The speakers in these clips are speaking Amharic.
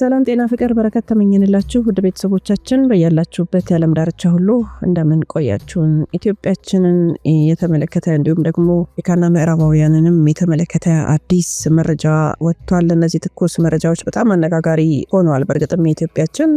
ሰላም ጤና ፍቅር በረከት ተመኝንላችሁ ውድ ቤተሰቦቻችን በያላችሁበት የዓለም ዳርቻ ሁሉ እንደምን ቆያችሁን? ኢትዮጵያችንን የተመለከተ እንዲሁም ደግሞ የካና ምዕራባውያንንም የተመለከተ አዲስ መረጃ ወጥቷል። እነዚህ ትኩስ መረጃዎች በጣም አነጋጋሪ ሆነዋል። በእርግጥም የኢትዮጵያችን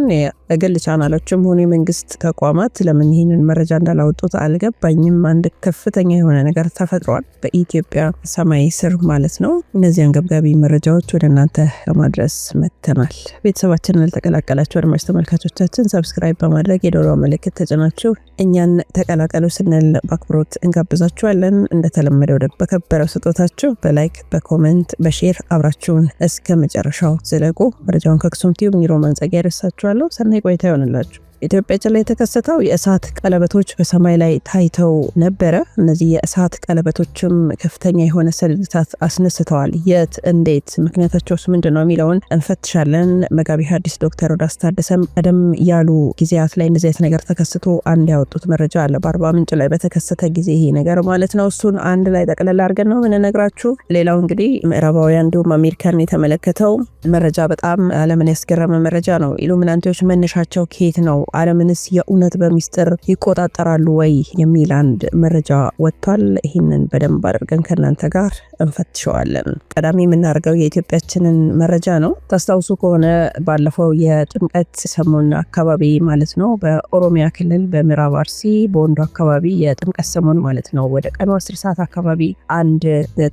የግል ቻናሎችም ሆኑ የመንግስት ተቋማት ለምን ይህንን መረጃ እንዳላወጡት አልገባኝም። አንድ ከፍተኛ የሆነ ነገር ተፈጥሯል፣ በኢትዮጵያ ሰማይ ስር ማለት ነው። እነዚህ አንገብጋቢ መረጃዎች ወደ እናንተ ለማድረስ መተናል። ቤተሰባችን ያልተቀላቀላችሁ አድማጭ ተመልካቾቻችን ሰብስክራይብ በማድረግ የዶሮ ምልክት ተጭናችሁ እኛን ተቀላቀሉ ስንል በአክብሮት እንጋብዛችኋለን። እንደተለመደው በከበረው ስጦታችሁ በላይክ በኮመንት በሼር አብራችሁን እስከ መጨረሻው ዝለቁ። መረጃውን ከአክሱም ቲዩብ ኒሮ ማንጸጊያ ያደርሳችኋለሁ። ሰናይ ቆይታ ይሆንላችሁ። ኢትዮጵያ ጭላ የተከሰተው የእሳት ቀለበቶች በሰማይ ላይ ታይተው ነበረ። እነዚህ የእሳት ቀለበቶችም ከፍተኛ የሆነ ሰልልታት አስነስተዋል። የት፣ እንዴት፣ ምክንያታቸውስ ምንድን ነው የሚለውን እንፈትሻለን። መጋቢ ሐዲስ ዶክተር ሮዳስ ታደሰም ቀደም ያሉ ጊዜያት ላይ እንደዚህ አይነት ነገር ተከስቶ አንድ ያወጡት መረጃ አለ። በአርባ ምንጭ ላይ በተከሰተ ጊዜ ይሄ ነገር ማለት ነው። እሱን አንድ ላይ ጠቅለል አድርገን ነው ምንነግራችሁ። ሌላው እንግዲህ ምዕራባውያን እንዲሁም አሜሪካን የተመለከተው መረጃ በጣም ዓለምን ያስገረመ መረጃ ነው። ኢሉሚናንቲዎች መነሻቸው ኬት ነው ዓለምንስ የእውነት በሚስጥር ይቆጣጠራሉ ወይ የሚል አንድ መረጃ ወጥቷል። ይህንን በደንብ አድርገን ከእናንተ ጋር እንፈትሸዋለን። ቀዳሚ የምናደርገው የኢትዮጵያችንን መረጃ ነው። ታስታውሱ ከሆነ ባለፈው የጥምቀት ሰሞን አካባቢ ማለት ነው በኦሮሚያ ክልል በምዕራብ አርሲ በወንዶ አካባቢ የጥምቀት ሰሞን ማለት ነው ወደ ቀኑ አስር ሰዓት አካባቢ አንድ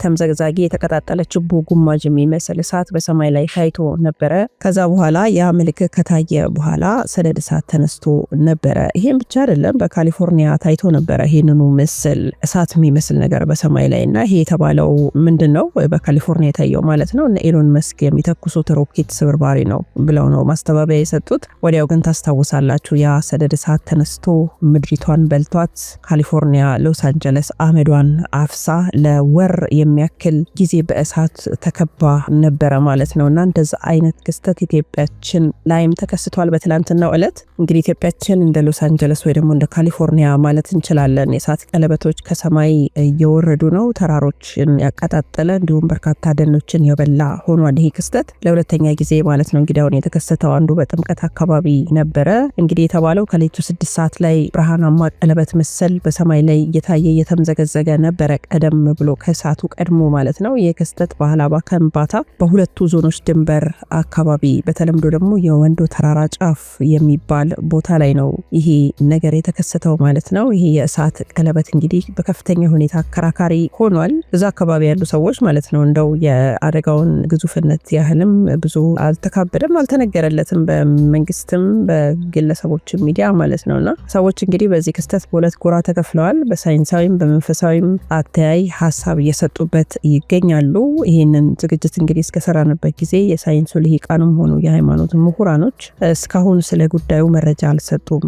ተምዘግዛጊ የተቀጣጠለ ችቦ ጉማጅ የሚመስል እሳት በሰማይ ላይ ታይቶ ነበረ። ከዛ በኋላ ያ ምልክት ከታየ በኋላ ሰደድ እሳት ተነ ተነስቶ ነበረ። ይሄም ብቻ አይደለም፣ በካሊፎርኒያ ታይቶ ነበረ ይህንኑ ምስል እሳት የሚመስል ነገር በሰማይ ላይ እና ይሄ የተባለው ምንድን ነው? በካሊፎርኒያ የታየው ማለት ነው። እነ ኤሎን መስክ የሚተኩሱት ሮኬት ስብርባሪ ነው ብለው ነው ማስተባበያ የሰጡት። ወዲያው ግን ታስታውሳላችሁ፣ ያ ሰደድ እሳት ተነስቶ ምድሪቷን በልቷት ካሊፎርኒያ ሎስ አንጀለስ አመዷን አፍሳ ለወር የሚያክል ጊዜ በእሳት ተከባ ነበረ ማለት ነው እና እንደዚ አይነት ክስተት ኢትዮጵያችን ላይም ተከስቷል በትላንትናው እለት እንግዲህ በኢትዮጵያችን እንደ ሎስ አንጀለስ ወይ ደግሞ እንደ ካሊፎርኒያ ማለት እንችላለን። የእሳት ቀለበቶች ከሰማይ እየወረዱ ነው። ተራሮችን ያቀጣጠለ እንዲሁም በርካታ ደኖችን የበላ ሆኗል። ይሄ ክስተት ለሁለተኛ ጊዜ ማለት ነው እንግዲህ አሁን የተከሰተው አንዱ በጥምቀት አካባቢ ነበረ። እንግዲህ የተባለው ከሌቱ ስድስት ሰዓት ላይ ብርሃናማ ቀለበት መሰል በሰማይ ላይ እየታየ እየተምዘገዘገ ነበረ፣ ቀደም ብሎ ከእሳቱ ቀድሞ ማለት ነው። ይህ ክስተት በሀላባ ከንባታ በሁለቱ ዞኖች ድንበር አካባቢ በተለምዶ ደግሞ የወንዶ ተራራ ጫፍ የሚባል ቦታ ላይ ነው ይሄ ነገር የተከሰተው ማለት ነው። ይሄ የእሳት ቀለበት እንግዲህ በከፍተኛ ሁኔታ አከራካሪ ሆኗል። እዛ አካባቢ ያሉ ሰዎች ማለት ነው። እንደው የአደጋውን ግዙፍነት ያህልም ብዙ አልተካበደም፣ አልተነገረለትም በመንግስትም በግለሰቦችም ሚዲያ ማለት ነው። እና ሰዎች እንግዲህ በዚህ ክስተት በሁለት ጎራ ተከፍለዋል። በሳይንሳዊም በመንፈሳዊም አተያይ ሀሳብ እየሰጡበት ይገኛሉ። ይህንን ዝግጅት እንግዲህ እስከሰራንበት ጊዜ የሳይንሱ ልሂቃኑም ሆኑ የሃይማኖት ምሁራኖች እስካሁን ስለ ጉዳዩ መረ መረጃ አልሰጡም።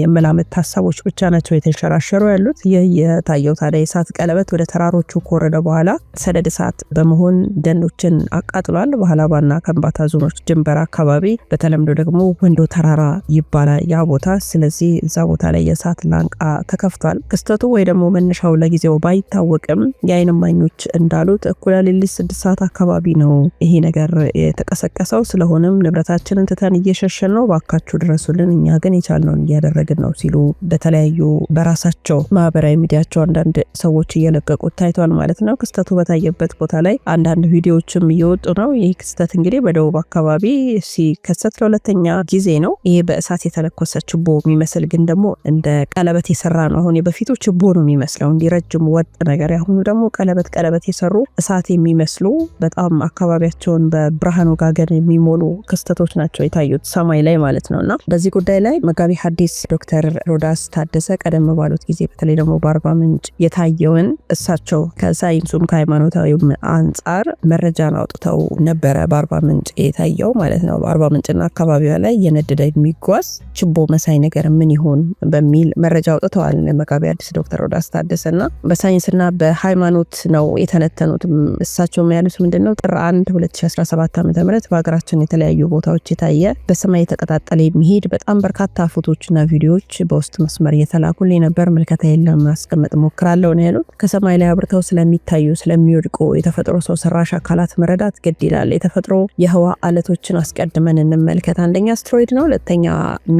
የመላምት ሀሳቦች ብቻ ናቸው የተንሸራሸሩ ያሉት። ይህ የታየው ታዲያ የእሳት ቀለበት ወደ ተራሮቹ ከወረደ በኋላ ሰደድ እሳት በመሆን ደኖችን አቃጥሏል። ባህላባና ከንባታ ዞኖች ድንበር አካባቢ በተለምዶ ደግሞ ወንዶ ተራራ ይባላል ያ ቦታ። ስለዚህ እዛ ቦታ ላይ የእሳት ላንቃ ተከፍቷል። ክስተቱ ወይ ደግሞ መነሻው ለጊዜው ባይታወቅም የአይን እማኞች እንዳሉት እኩለ ሌሊት ስድስት ሰዓት አካባቢ ነው ይሄ ነገር የተቀሰቀሰው። ስለሆነም ንብረታችንን ትተን እየሸሸን ነው፣ ባካችሁ ድረሱልን እኛ ግን የቻልነውን እያደረግን ነው ሲሉ በተለያዩ በራሳቸው ማህበራዊ ሚዲያቸው አንዳንድ ሰዎች እየለቀቁት ታይቷል ማለት ነው። ክስተቱ በታየበት ቦታ ላይ አንዳንድ ቪዲዮዎችም እየወጡ ነው። ይህ ክስተት እንግዲህ በደቡብ አካባቢ ሲከሰት ለሁለተኛ ጊዜ ነው። ይሄ በእሳት የተለኮሰ ችቦ የሚመስል ግን ደግሞ እንደ ቀለበት የሰራ ነው። አሁን በፊቱ ችቦ ነው የሚመስለው እንዲረጅም ወጥ ነገር፣ ያሁኑ ደግሞ ቀለበት ቀለበት የሰሩ እሳት የሚመስሉ በጣም አካባቢያቸውን በብርሃን ወጋገን የሚሞሉ ክስተቶች ናቸው የታዩት ሰማይ ላይ ማለት ነው እና በዚህ ጉዳይ ጉዳይ ላይ መጋቢ ሐዲስ ዶክተር ሮዳስ ታደሰ ቀደም ባሉት ጊዜ በተለይ ደግሞ በአርባ ምንጭ የታየውን እሳቸው ከሳይንሱም ከሃይማኖታዊም አንጻር መረጃን አውጥተው ነበረ። በአርባ ምንጭ የታየው ማለት ነው። በአርባ ምንጭና አካባቢዋ ላይ የነደደ የሚጓዝ ችቦ መሳይ ነገር ምን ይሆን በሚል መረጃ አውጥተዋል መጋቢ ሐዲስ ዶክተር ሮዳስ ታደሰ እና በሳይንስና በሃይማኖት ነው የተነተኑት። እሳቸው ያሉት ምንድን ነው ጥር 1 2017 ዓ ም በሀገራችን የተለያዩ ቦታዎች የታየ በሰማይ የተቀጣጠለ የሚሄድ በጣም በርካታ ፎቶችና ቪዲዮዎች በውስጥ መስመር እየተላኩልኝ ነበር። ምልከታ የለም ማስቀመጥ ሞክራለሁ ነው ያሉት። ከሰማይ ላይ አብርተው ስለሚታዩ ስለሚወድቁ የተፈጥሮ ሰው ሰራሽ አካላት መረዳት ግድ ይላል። የተፈጥሮ የህዋ አለቶችን አስቀድመን እንመልከት። አንደኛ አስትሮይድ ነው፣ ሁለተኛ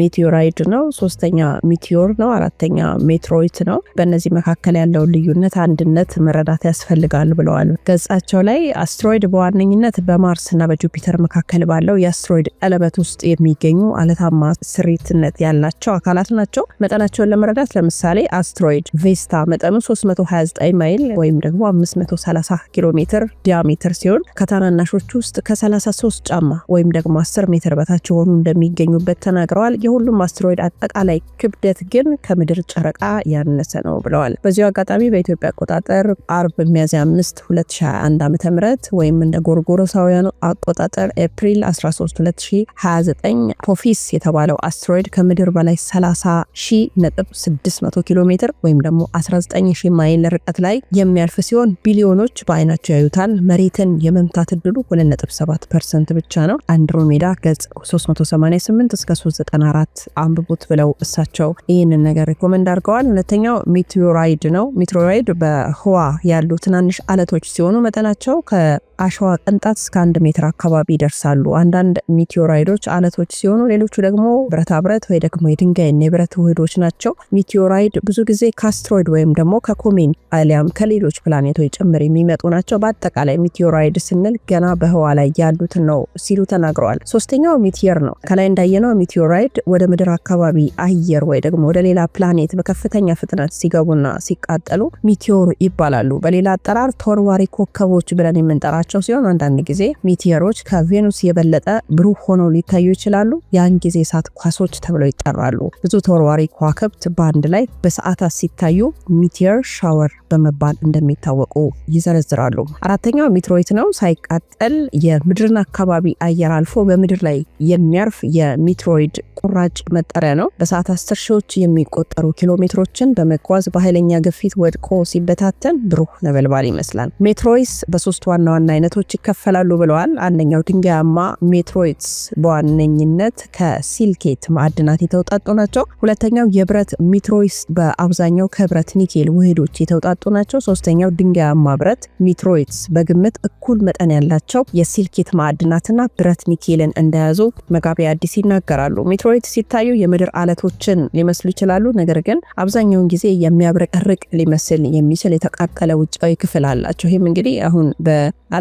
ሜቴዮራይድ ነው፣ ሶስተኛ ሚቴዮር ነው፣ አራተኛ ሜትሮይት ነው። በእነዚህ መካከል ያለውን ልዩነት አንድነት መረዳት ያስፈልጋል ብለዋል። ገጻቸው ላይ አስትሮይድ በዋነኝነት በማርስ እና በጁፒተር መካከል ባለው የአስትሮይድ ቀለበት ውስጥ የሚገኙ አለታማ ስሪ ባለቤትነት ያላቸው አካላት ናቸው። መጠናቸውን ለመረዳት ለምሳሌ አስትሮይድ ቬስታ መጠኑ 329 ማይል ወይም ደግሞ 530 ኪሎ ሜትር ዲያሜትር ሲሆን ከታናናሾች ውስጥ ከ33 ጫማ ወይም ደግሞ 10 ሜትር በታች የሆኑ እንደሚገኙበት ተናግረዋል። የሁሉም አስትሮይድ አጠቃላይ ክብደት ግን ከምድር ጨረቃ ያነሰ ነው ብለዋል። በዚሁ አጋጣሚ በኢትዮጵያ አቆጣጠር አርብ ሚያዝያ 5 2021 ዓ.ም ወይም እንደ ጎርጎሮሳውያኑ አቆጣጠር ኤፕሪል 13 2029 ፖፊስ የተባለው አስትሮይድ ከምድር በላይ 30600 ኪሎ ሜትር ወይም ደግሞ 19000 ማይል ርቀት ላይ የሚያልፍ ሲሆን ቢሊዮኖች በአይናቸው ያዩታል። መሬትን የመምታት እድሉ 2.7 ፐርሰንት ብቻ ነው። አንድሮሜዳ ገጽ 388 እስከ 394 አንብቡት ብለው እሳቸው ይህንን ነገር ሪኮመንድ አድርገዋል። ሁለተኛው ሜቴዎራይድ ነው። ሜቴዎራይድ በህዋ ያሉ ትናንሽ አለቶች ሲሆኑ መጠናቸው ከ አሸዋ ቅንጣት እስከ አንድ ሜትር አካባቢ ይደርሳሉ። አንዳንድ ሚቴዮራይዶች አለቶች ሲሆኑ ሌሎቹ ደግሞ ብረታ ብረት ወይ ደግሞ የድንጋይና የብረት ውህዶች ናቸው። ሚቴዮራይድ ብዙ ጊዜ ከአስትሮይድ ወይም ደግሞ ከኮሜን አሊያም ከሌሎች ፕላኔቶች ጭምር የሚመጡ ናቸው። በአጠቃላይ ሚቴዮራይድ ስንል ገና በህዋ ላይ ያሉትን ነው ሲሉ ተናግረዋል። ሶስተኛው ሚቴር ነው። ከላይ እንዳየነው ሚቴዮራይድ ወደ ምድር አካባቢ አየር ወይ ደግሞ ወደ ሌላ ፕላኔት በከፍተኛ ፍጥነት ሲገቡና ሲቃጠሉ ሚቴዮር ይባላሉ። በሌላ አጠራር ተወርዋሪ ኮከቦች ብለን የምንጠራቸው ያላቸው ሲሆን አንዳንድ ጊዜ ሚቲየሮች ከቬኑስ የበለጠ ብሩህ ሆነው ሊታዩ ይችላሉ። ያን ጊዜ እሳት ኳሶች ተብለው ይጠራሉ። ብዙ ተወርዋሪ ከዋክብት በአንድ ላይ በሰዓታት ሲታዩ ሚቲየር ሻወር በመባል እንደሚታወቁ ይዘረዝራሉ። አራተኛው ሚትሮይት ነው። ሳይቃጠል የምድርን አካባቢ አየር አልፎ በምድር ላይ የሚያርፍ የሚትሮይድ ቁራጭ መጠሪያ ነው። በሰዓት አስር ሺዎች የሚቆጠሩ ኪሎ ሜትሮችን በመጓዝ በኃይለኛ ግፊት ወድቆ ሲበታተን ብሩህ ነበልባል ይመስላል። ሜትሮይስ በሶስት ዋና ዋና አይነቶች ይከፈላሉ ብለዋል። አንደኛው ድንጋያማ ሜትሮይትስ በዋነኝነት ከሲልኬት ማዕድናት የተውጣጡ ናቸው። ሁለተኛው የብረት ሚትሮይትስ በአብዛኛው ከብረት ኒኬል ውህዶች የተውጣጡ ናቸው። ሶስተኛው ድንጋያማ ብረት ሚትሮይትስ በግምት እኩል መጠን ያላቸው የሲልኬት ማዕድናትና ብረት ኒኬልን እንደያዙ መጋቢ አዲስ ይናገራሉ። ሚትሮይትስ ሲታዩ የምድር አለቶችን ሊመስሉ ይችላሉ። ነገር ግን አብዛኛውን ጊዜ የሚያብረቀርቅ ሊመስል የሚችል የተቃጠለ ውጫዊ ክፍል አላቸው። ይህም እንግዲህ አሁን በ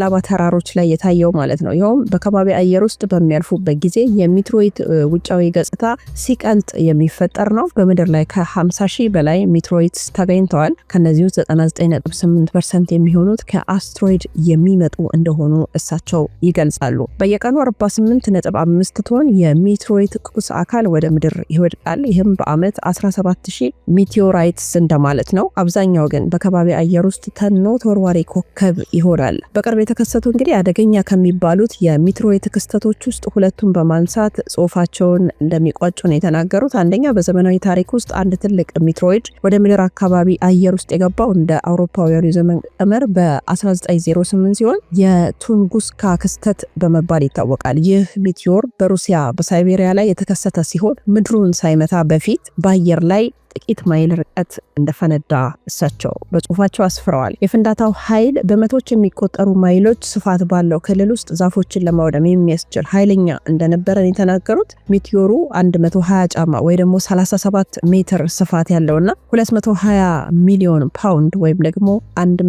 የአላባ ተራሮች ላይ የታየው ማለት ነው። ይኸውም በከባቢ አየር ውስጥ በሚያልፉበት ጊዜ የሚትሮይት ውጫዊ ገጽታ ሲቀልጥ የሚፈጠር ነው። በምድር ላይ ከ50 ሺህ በላይ ሚትሮይትስ ተገኝተዋል። ከነዚህ ውስጥ 99.8 የሚሆኑት ከአስትሮይድ የሚመጡ እንደሆኑ እሳቸው ይገልጻሉ። በየቀኑ 48.5 ቶን የሚትሮይት ቁስ አካል ወደ ምድር ይወድቃል። ይህም በአመት 17 ሺህ እንደማለት ነው። አብዛኛው ግን በከባቢ አየር ውስጥ ተኖ ተወርዋሪ ኮከብ ይሆናል። በቅርብ የተከሰቱ እንግዲህ አደገኛ ከሚባሉት የሚትሮይት ክስተቶች ውስጥ ሁለቱን በማንሳት ጽሁፋቸውን እንደሚቋጩ ነው የተናገሩት። አንደኛ በዘመናዊ ታሪክ ውስጥ አንድ ትልቅ ሚትሮይድ ወደ ምድር አካባቢ አየር ውስጥ የገባው እንደ አውሮፓውያኑ የዘመን ቀመር በ1908 ሲሆን የቱንጉስካ ክስተት በመባል ይታወቃል። ይህ ሚትዮር በሩሲያ በሳይቤሪያ ላይ የተከሰተ ሲሆን ምድሩን ሳይመታ በፊት በአየር ላይ ጥቂት ማይል ርቀት እንደፈነዳ እሳቸው በጽሁፋቸው አስፍረዋል። የፍንዳታው ኃይል በመቶዎች የሚቆጠሩ ማይሎች ስፋት ባለው ክልል ውስጥ ዛፎችን ለማውደም የሚያስችል ኃይለኛ እንደነበረን የተናገሩት ሚትዮሩ 120 ጫማ ወይ ደግሞ 37 ሜትር ስፋት ያለውና 220 ሚሊዮን ፓውንድ ወይም ደግሞ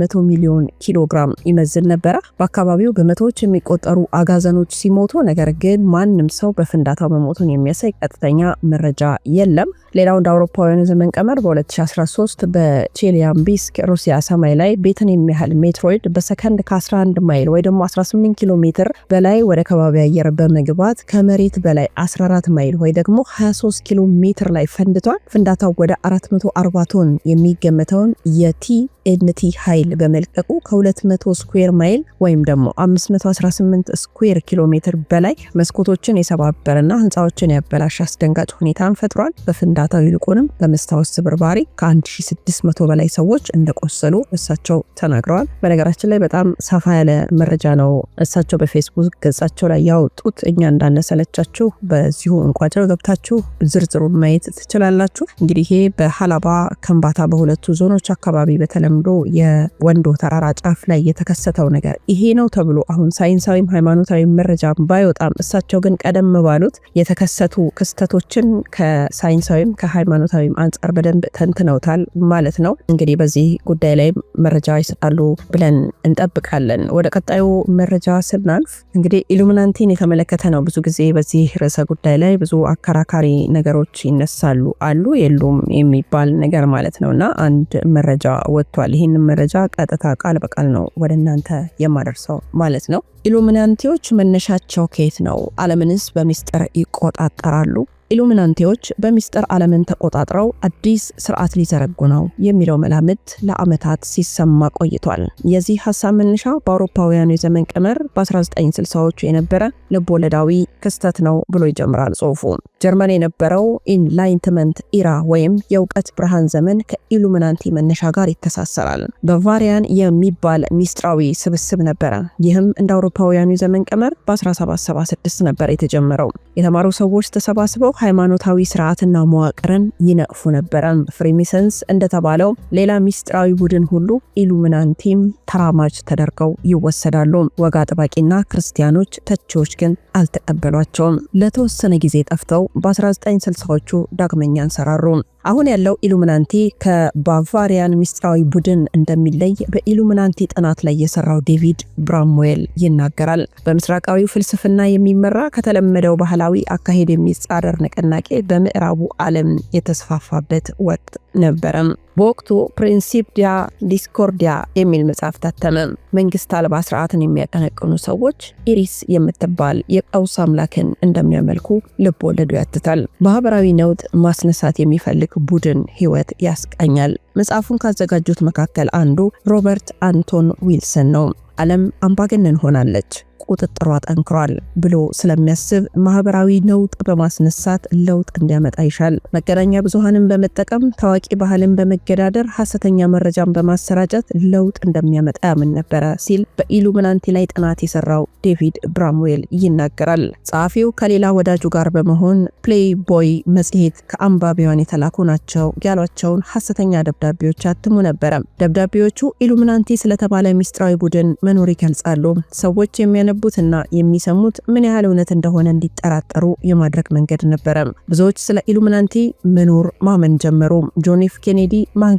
100 ሚሊዮን ኪሎግራም ይመዝን ነበረ። በአካባቢው በመቶዎች የሚቆጠሩ አጋዘኖች ሲሞቱ፣ ነገር ግን ማንም ሰው በፍንዳታው መሞቱን የሚያሳይ ቀጥተኛ መረጃ የለም። ሌላው እንደ አውሮፓውያኑ ዘመን ቀመር በ2013 በቼሊያምቢስክ ሩሲያ ሰማይ ላይ ቤትን የሚያህል ሜትሮይድ በሰከንድ ከ11 ማይል ወይ ደግሞ 18 ኪሎ ሜትር በላይ ወደ ከባቢ አየር በመግባት ከመሬት በላይ 14 ማይል ወይ ደግሞ 23 ኪሎ ሜትር ላይ ፈንድቷል። ፍንዳታው ወደ 440 ቶን የሚገመተውን የቲ ኤንቲ ኃይል በመልቀቁ ከ200 ስኩዌር ማይል ወይም ደግሞ 518 ስኩዌር ኪሎ ሜትር በላይ መስኮቶችን የሰባበረና ህንፃዎችን ያበላሽ አስደንጋጭ ሁኔታን ፈጥሯል። በፍንዳ ከእርዳታው ይልቁንም በመስታወት ስብርባሪ ከ1600 በላይ ሰዎች እንደቆሰሉ እሳቸው ተናግረዋል። በነገራችን ላይ በጣም ሰፋ ያለ መረጃ ነው እሳቸው በፌስቡክ ገጻቸው ላይ ያወጡት። እኛ እንዳነሰለቻችሁ በዚሁ እንቋጭር ገብታችሁ ዝርዝሩን ማየት ትችላላችሁ። እንግዲህ ይሄ በሀላባ ከምባታ፣ በሁለቱ ዞኖች አካባቢ በተለምዶ የወንዶ ተራራ ጫፍ ላይ የተከሰተው ነገር ይሄ ነው ተብሎ አሁን ሳይንሳዊም ሃይማኖታዊ መረጃ ባይወጣም እሳቸው ግን ቀደም ባሉት የተከሰቱ ክስተቶችን ከሳይንሳዊም ከሃይማኖታዊም አንጻር በደንብ ተንትነውታል ማለት ነው። እንግዲህ በዚህ ጉዳይ ላይ መረጃ ይሰጣሉ ብለን እንጠብቃለን። ወደ ቀጣዩ መረጃ ስናልፍ እንግዲህ ኢሉሚናንቲን የተመለከተ ነው። ብዙ ጊዜ በዚህ ርዕሰ ጉዳይ ላይ ብዙ አከራካሪ ነገሮች ይነሳሉ አሉ የሉም የሚባል ነገር ማለት ነው እና አንድ መረጃ ወጥቷል። ይህን መረጃ ቀጥታ ቃል በቃል ነው ወደ እናንተ የማደርሰው ማለት ነው። ኢሉሚናንቲዎች መነሻቸው ከየት ነው? ዓለምንስ በሚስጥር ይቆጣጠራሉ? ኢሉሚናንቲዎች በሚስጥር ዓለምን ተቆጣጥረው አዲስ ስርዓት ሊዘረጉ ነው የሚለው መላምት ለዓመታት ሲሰማ ቆይቷል። የዚህ ሀሳብ መነሻ በአውሮፓውያኑ የዘመን ቀመር በ1960ዎቹ የነበረ ልቦለዳዊ ክስተት ነው ብሎ ይጀምራል ጽሁፉ። ጀርመን የነበረው ኢንላይንትመንት ኢራ ወይም የእውቀት ብርሃን ዘመን ከኢሉሚናንቲ መነሻ ጋር ይተሳሰራል። በቫሪያን የሚባል ሚስጥራዊ ስብስብ ነበረ። ይህም እንደ አውሮፓውያኑ የዘመን ቀመር በ1776 ነበር የተጀመረው። የተማሩ ሰዎች ተሰባስበው ሃይማኖታዊ ስርዓትና መዋቅርን ይነቅፉ ነበረ። ፍሬሚሰንስ እንደተባለው ሌላ ሚስጥራዊ ቡድን ሁሉ ኢሉሚናንቲም ተራማጅ ተደርገው ይወሰዳሉ። ወግ አጥባቂና ክርስቲያኖች ተቺዎች ግን አልተቀበሏቸውም። ለተወሰነ ጊዜ ጠፍተው በ1960ዎቹ ዳግመኛ አንሰራሩ። አሁን ያለው ኢሉሚናንቲ ከባቫሪያን ሚስጥራዊ ቡድን እንደሚለይ በኢሉሚናንቲ ጥናት ላይ የሰራው ዴቪድ ብራምዌል ይናገራል። በምስራቃዊው ፍልስፍና የሚመራ ከተለመደው ባህላዊ አካሄድ የሚጻረር ንቅናቄ በምዕራቡ ዓለም የተስፋፋበት ወቅት ነበረም። በወቅቱ ፕሪንሲፕዲያ ዲስኮርዲያ የሚል መጽሐፍ ታተመ። መንግስት አልባ ስርዓትን የሚያቀነቅኑ ሰዎች ኢሪስ የምትባል የቀውስ አምላክን እንደሚያመልኩ ልብ ወለዱ ያትታል። ማህበራዊ ነውጥ ማስነሳት የሚፈልግ ቡድን ህይወት ያስቃኛል። መጽሐፉን ካዘጋጁት መካከል አንዱ ሮበርት አንቶን ዊልሰን ነው። ዓለም አምባገነን ሆናለች ቁጥጥሯ ጠንክሯል ብሎ ስለሚያስብ ማህበራዊ ነውጥ በማስነሳት ለውጥ እንዲያመጣ ይሻል። መገናኛ ብዙሃንን በመጠቀም ታዋቂ ባህልን በመገዳደር ሀሰተኛ መረጃን በማሰራጨት ለውጥ እንደሚያመጣ ያምን ነበረ ሲል በኢሉሚናንቲ ላይ ጥናት የሰራው ዴቪድ ብራምዌል ይናገራል። ጸሐፊው ከሌላ ወዳጁ ጋር በመሆን ፕሌይቦይ መጽሔት ከአንባቢዋን የተላኩ ናቸው ያሏቸውን ሀሰተኛ ደብዳቤዎች አትሙ ነበረ። ደብዳቤዎቹ ኢሉሚናንቲ ስለተባለ ሚስጥራዊ ቡድን መኖር ይገልጻሉ። ሰዎች የሚያነ የሚያነቡትና የሚሰሙት ምን ያህል እውነት እንደሆነ እንዲጠራጠሩ የማድረግ መንገድ ነበረ። ብዙዎች ስለ ኢሉሚናንቲ መኖር ማመን ጀመሩ። ጆን ኤፍ ኬኔዲ ማን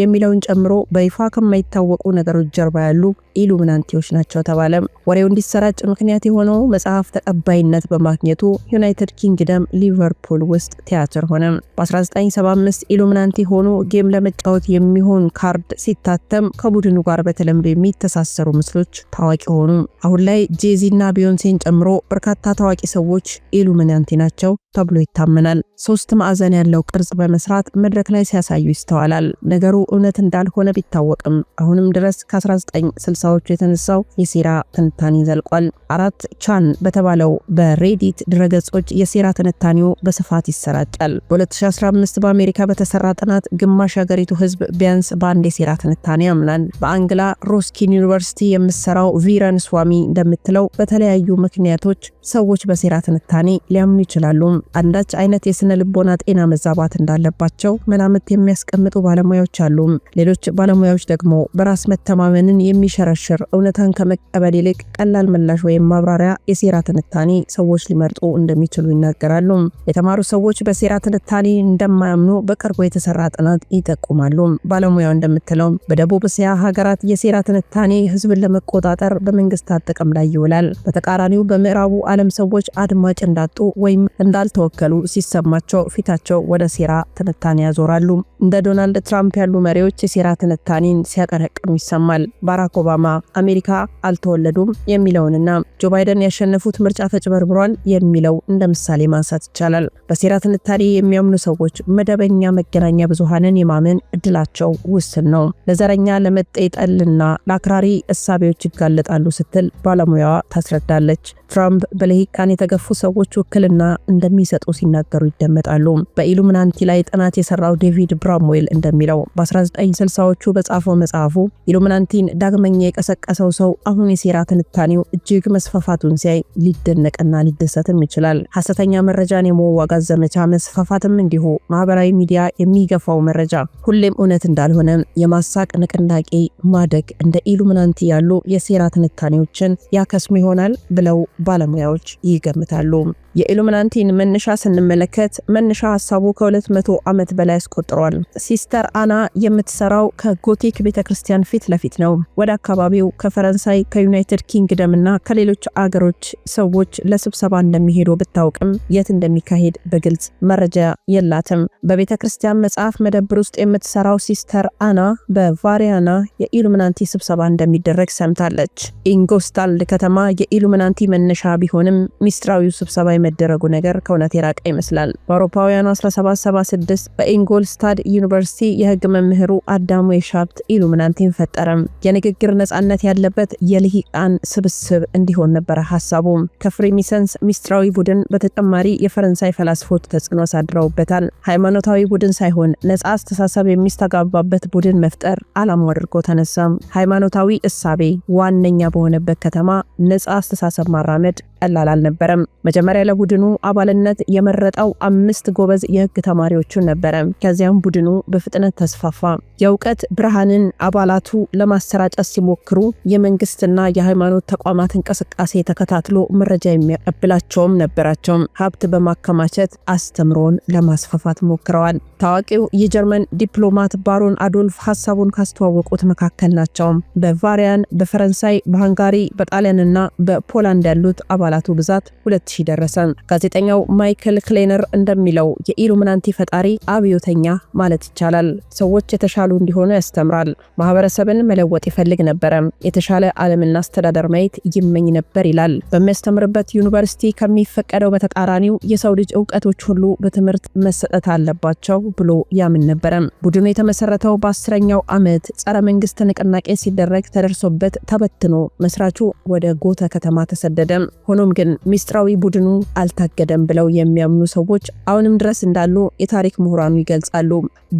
የሚለውን ጨምሮ በይፋ ከማይታወቁ ነገሮች ጀርባ ያሉ ኢሉሚናንቲዎች ናቸው ተባለ። ወሬው እንዲሰራጭ ምክንያት የሆነው መጽሐፍ ተቀባይነት በማግኘቱ ዩናይትድ ኪንግደም ሊቨርፑል ውስጥ ቲያትር ሆነ። በ1975 ኢሉሚናንቲ ሆኖ ጌም ለመጫወት የሚሆን ካርድ ሲታተም ከቡድኑ ጋር በተለምዶ የሚተሳሰሩ ምስሎች ታዋቂ ሆኑ። አሁን አሁን ላይ ጄዚና ቢዮንሴን ጨምሮ በርካታ ታዋቂ ሰዎች ኢሉሚናንቲ ናቸው ተብሎ ይታመናል። ሶስት ማዕዘን ያለው ቅርጽ በመስራት መድረክ ላይ ሲያሳዩ ይስተዋላል። ነገሩ እውነት እንዳልሆነ ቢታወቅም አሁንም ድረስ ከ1960ዎቹ የተነሳው የሴራ ትንታኔ ዘልቋል። አራት ቻን በተባለው በሬዲት ድረገጾች የሴራ ትንታኔው በስፋት ይሰራጫል። በ2015 በአሜሪካ በተሰራ ጥናት ግማሽ የሀገሪቱ ሕዝብ ቢያንስ በአንድ የሴራ ትንታኔ ያምናል። በአንግላ ሮስኪን ዩኒቨርሲቲ የምትሰራው ቪረን ስዋሚ እንደምትለው በተለያዩ ምክንያቶች ሰዎች በሴራ ትንታኔ ሊያምኑ ይችላሉ። አንዳች አይነት የስነ ልቦና ጤና መዛባት እንዳለባቸው መላምት የሚያስቀምጡ ባለሙያዎች አሉ። ሌሎች ባለሙያዎች ደግሞ በራስ መተማመንን የሚሸረሽር እውነታን ከመቀበል ይልቅ ቀላል ምላሽ ወይም ማብራሪያ የሴራ ትንታኔ ሰዎች ሊመርጡ እንደሚችሉ ይናገራሉ። የተማሩ ሰዎች በሴራ ትንታኔ እንደማያምኑ በቅርቡ የተሰራ ጥናት ይጠቁማሉ። ባለሙያው እንደምትለው በደቡብ እስያ ሀገራት የሴራ ትንታኔ ህዝብን ለመቆጣጠር በመንግስታት ጥቅም ላይ ይውላል። በተቃራኒው በምዕራቡ ዓለም ሰዎች አድማጭ እንዳጡ ወይም እንዳልተወከሉ ሲሰማ በመጠቀማቸው ፊታቸው ወደ ሴራ ትንታኔ ያዞራሉ። እንደ ዶናልድ ትራምፕ ያሉ መሪዎች የሴራ ትንታኔን ሲያቀነቅኑ ይሰማል። ባራክ ኦባማ አሜሪካ አልተወለዱም የሚለውንና ጆ ባይደን ያሸነፉት ምርጫ ተጭበርብሯል የሚለው እንደ ምሳሌ ማንሳት ይቻላል። በሴራ ትንታኔ የሚያምኑ ሰዎች መደበኛ መገናኛ ብዙሃንን የማመን እድላቸው ውስን ነው። ለዘረኛ ለመጠጠልና ለአክራሪ እሳቤዎች ይጋለጣሉ ስትል ባለሙያዋ ታስረዳለች። ትራምፕ በልሂቃን የተገፉ ሰዎች ውክልና እንደሚሰጡ ሲናገሩ ይደ ይደመጣሉ። በኢሉሚናንቲ ላይ ጥናት የሰራው ዴቪድ ብራምዌል እንደሚለው በ1960ዎቹ በጻፈው መጽሐፉ ኢሉሚናንቲን ዳግመኛ የቀሰቀሰው ሰው አሁን የሴራ ትንታኔው እጅግ መስፋፋቱን ሲያይ ሊደነቅና ሊደሰትም ይችላል። ሐሰተኛ መረጃን የመዋጋት ዘመቻ መስፋፋትም እንዲሁ ማህበራዊ ሚዲያ የሚገፋው መረጃ ሁሌም እውነት እንዳልሆነ የማሳቅ ንቅናቄ ማደግ እንደ ኢሉሚናንቲ ያሉ የሴራ ትንታኔዎችን ያከስሙ ይሆናል ብለው ባለሙያዎች ይገምታሉ። የኢሉሚናንቲን መነሻ ስንመለከት መነሻ ሀሳቡ ከ200 ዓመት በላይ አስቆጥሯል። ሲስተር አና የምትሰራው ከጎቲክ ቤተ ክርስቲያን ፊት ለፊት ነው። ወደ አካባቢው ከፈረንሳይ ከዩናይትድ ኪንግደም እና ከሌሎች አገሮች ሰዎች ለስብሰባ እንደሚሄዱ ብታውቅም የት እንደሚካሄድ በግልጽ መረጃ የላትም። በቤተ ክርስቲያን መጽሐፍ መደብር ውስጥ የምትሰራው ሲስተር አና በቫሪያና የኢሉሚናንቲ ስብሰባ እንደሚደረግ ሰምታለች። ኢንጎስታልድ ከተማ የኢሉሚናንቲ መነሻ ቢሆንም ሚስጥራዊው ስብሰባ የመደረጉ ነገር ከእውነት የራቀ ይመስላል። በአውሮፓውያኑ 1776 በኢንጎልስታድ ዩኒቨርሲቲ የህግ መምህሩ አዳሙ የሻብት ኢሉሚናንቲን ፈጠረም። የንግግር ነጻነት ያለበት የልሂቃን ስብስብ እንዲሆን ነበረ ሀሳቡ። ከፍሪሚሰንስ ሚስጥራዊ ቡድን በተጨማሪ የፈረንሳይ ፈላስፎች ተጽዕኖ አሳድረውበታል። ሃይማኖታዊ ቡድን ሳይሆን ነጻ አስተሳሰብ የሚስተጋባበት ቡድን መፍጠር አላማው አድርጎ ተነሳም። ሃይማኖታዊ እሳቤ ዋነኛ በሆነበት ከተማ ነጻ አስተሳሰብ ማራመድ ቀላል አልነበረም። መጀመሪያ ለቡድኑ አባልነት የመረጠው አምስት ጎበዝ የህግ ተማሪዎቹን ነበረ። ከዚያም ቡድኑ በፍጥነት ተስፋፋ። የእውቀት ብርሃንን አባላቱ ለማሰራጨት ሲሞክሩ የመንግስትና የሃይማኖት ተቋማት እንቅስቃሴ ተከታትሎ መረጃ የሚያቀብላቸውም ነበራቸው። ሀብት በማከማቸት አስተምሮን ለማስፋፋት ሞክረዋል። ታዋቂው የጀርመን ዲፕሎማት ባሮን አዶልፍ ሀሳቡን ካስተዋወቁት መካከል ናቸው። በቫሪያን፣ በፈረንሳይ፣ በሃንጋሪ፣ በጣሊያንና በፖላንድ ያሉት አባ አባላቱ ብዛት 2000 ደረሰ። ጋዜጠኛው ማይክል ክሌነር እንደሚለው የኢሉሚናንቲ ፈጣሪ አብዮተኛ ማለት ይቻላል። ሰዎች የተሻሉ እንዲሆኑ ያስተምራል። ማህበረሰብን መለወጥ ይፈልግ ነበረ። የተሻለ ዓለምና አስተዳደር ማየት ይመኝ ነበር ይላል። በሚያስተምርበት ዩኒቨርሲቲ ከሚፈቀደው በተቃራኒው የሰው ልጅ እውቀቶች ሁሉ በትምህርት መሰጠት አለባቸው ብሎ ያምን ነበረ። ቡድኑ የተመሰረተው በአስረኛው ዓመት ጸረ መንግስት ንቅናቄ ሲደረግ ተደርሶበት ተበትኖ መስራቹ ወደ ጎተ ከተማ ተሰደደ። ሆኖም ግን ሚስጥራዊ ቡድኑ አልታገደም ብለው የሚያምኑ ሰዎች አሁንም ድረስ እንዳሉ የታሪክ ምሁራኑ ይገልጻሉ።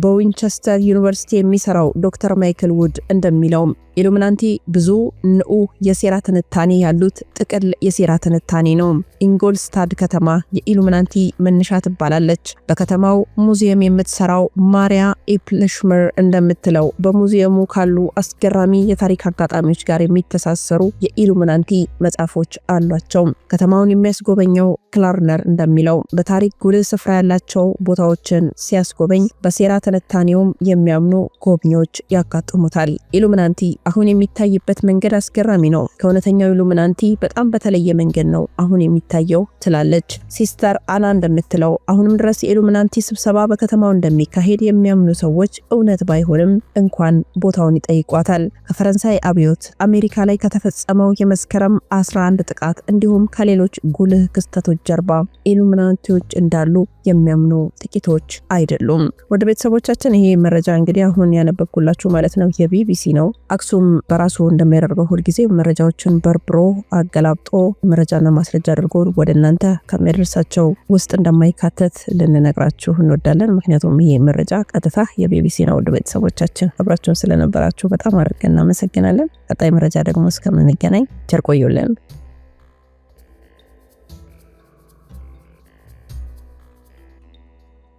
በዊንቸስተር ዩኒቨርሲቲ የሚሰራው ዶክተር ማይክል ውድ እንደሚለውም ኢሉሚናቲ ብዙ ንኡ የሴራ ትንታኔ ያሉት ጥቅል የሴራ ትንታኔ ነው። ኢንጎልስታድ ከተማ የኢሉሚናቲ መነሻ ትባላለች። በከተማው ሙዚየም የምትሰራው ማሪያ ኢፕልሽምር እንደምትለው በሙዚየሙ ካሉ አስገራሚ የታሪክ አጋጣሚዎች ጋር የሚተሳሰሩ የኢሉሚናቲ መጽሐፎች አሏቸው። ከተማውን የሚያስጎበኘው ክላርነር እንደሚለው በታሪክ ጉልህ ስፍራ ያላቸው ቦታዎችን ሲያስጎበኝ በሴራ ትንታኔውም የሚያምኑ ጎብኚዎች ያጋጥሙታል። ኢሉሚናቲ አሁን የሚታይበት መንገድ አስገራሚ ነው። ከእውነተኛው ኢሉሚናንቲ በጣም በተለየ መንገድ ነው አሁን የሚታየው ትላለች ሲስተር አና እንደምትለው አሁንም ድረስ የኢሉሚናንቲ ስብሰባ በከተማው እንደሚካሄድ የሚያምኑ ሰዎች እውነት ባይሆንም እንኳን ቦታውን ይጠይቋታል። ከፈረንሳይ አብዮት አሜሪካ ላይ ከተፈጸመው የመስከረም 11 ጥቃት እንዲሁም ከሌሎች ጉልህ ክስተቶች ጀርባ ኢሉምናንቲዎች እንዳሉ የሚያምኑ ጥቂቶች አይደሉም። ወደ ቤተሰቦቻችን ይሄ መረጃ እንግዲህ አሁን ያነበብኩላችሁ ማለት ነው የቢቢሲ ነው አክሱም እሱም በራሱ እንደሚያደርገው ሁልጊዜ መረጃዎችን በርብሮ አገላብጦ መረጃና ማስረጃ አድርጎ ወደ እናንተ ከሚያደርሳቸው ውስጥ እንደማይካተት ልንነግራችሁ እንወዳለን። ምክንያቱም ይሄ መረጃ ቀጥታ የቢቢሲ ነው። ውድ ቤተሰቦቻችን አብራችሁን ስለነበራችሁ በጣም አድርገን እናመሰግናለን። ቀጣይ መረጃ ደግሞ እስከምንገናኝ ቸር ቆዩልን።